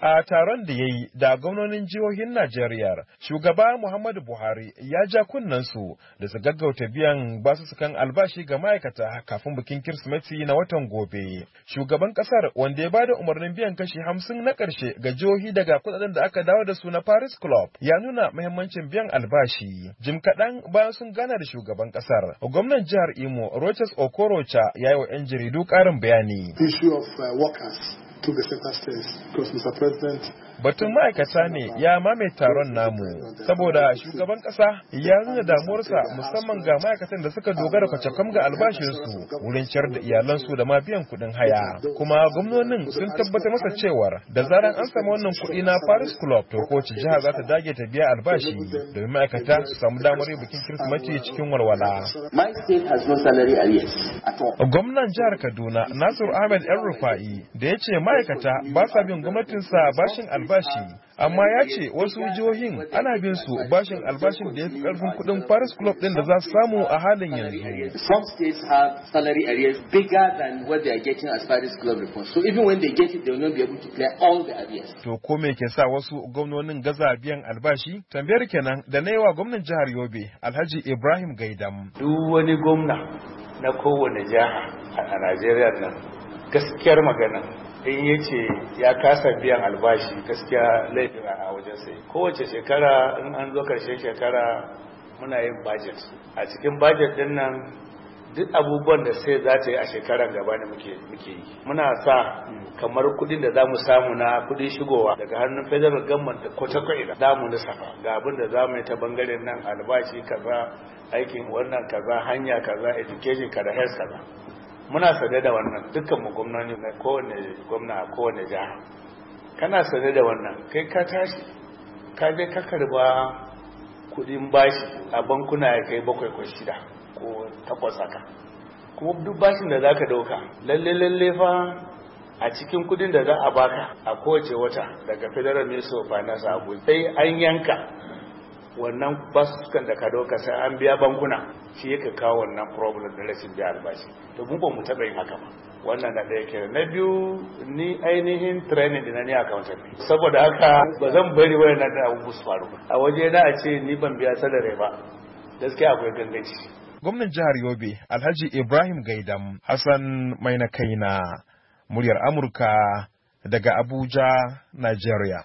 A taron da ya yi da gwamnonin jihohin Najeriya, shugaba Muhammadu Buhari ya ja kunnensu da su gaggauta biyan sukan albashi ga ma'aikata kafin bikin Kirsimeti na watan gobe. Shugaban kasar wanda ya bada umarnin biyan kashi hamsin na karshe ga jihohi daga kudaden da aka dawo da su na Paris Club ya nuna muhimmancin biyan albashi. Jim kaɗan bayan sun gana da shugaban kasar, gwamnan jihar Imo Rochas Okorocha ya yi wa 'yan jaridu ƙarin bayani. Uh, Batun ma'aikata ne ya mame taron namu saboda shugaban kasa ya nuna damuwarsa musamman ga ma'aikatan da suka dogara kwacakam ga albashinsu wurin ciyar da iyalansu da ma biyan kuɗin haya. Kuma gwamnonin sun tabbatar masa cewar da zaran an samu wannan kuɗi na Paris Club to kowace jiha za ta dage ta biya albashi domin ma'aikata su samu damar bikin Kirsimeti cikin walwala. Gwamnan jihar Kaduna Nasiru Ahmed El Rufa'i da ya ce ma'aikata ba sa bin gwamnatinsa bashin albashi amma ya ce wasu jihohin ana bin su bashin albashin da ya fi karfin kudin Paris Club din da za su samu a halin yanzu. Some states have salary arrears bigger than what they are getting as Paris Club reports. So even when they get it, they will not be able to clear all the arrears. To ko me ke sa wasu gwamnonin gaza biyan albashi? Tambayar kenan da na yi wa gwamnan jihar Yobe, Alhaji Ibrahim Gaidam. Duk wani gwamna na kowane jiha a Najeriya nan gaskiyar magana in ya ce ya kasa biyan albashi gaskiya laifin a wajen sai kowace shekara in an zo karshen shekara muna yin budget a cikin budget din nan duk abubuwan da sai za ta yi a shekarar gaba da muke yi muna sa kamar kudin da za mu samu na kudin shigowa daga hannun federal government da kwata kwaida za mu nisa ga abin da za mu yi ta bangaren nan albashi kaza aikin wannan kaza hanya kaza education kada health kaza muna sade da wannan dukkan mu gwamnoni kowane gwamna a kowane jiha kana sade da wannan kai ka tashi ka je ka karba kudin bashi a bankuna ya kai bakwai ko shida ko takwas haka kuma duk bashin da zaka dauka lalle lalle fa a cikin kudin da za a baka a kowace wata daga federal ministry of finance abu sai an yanka wannan basukan da ka dauka sai an biya bankuna shi yake kawo wannan problem da rashin biya albashi to mun ba mu taba yin haka ba wannan na ɗaya kenan na biyu ni ainihin training da na ni accountant ne saboda haka ba zan bari wayannan da abubuwa su faru a waje na a ce ni ban biya sadare ba gaskiya akwai ganganci gwamnan jihar yobe alhaji ibrahim gaidam hassan mai na kaina muryar amurka daga abuja nigeria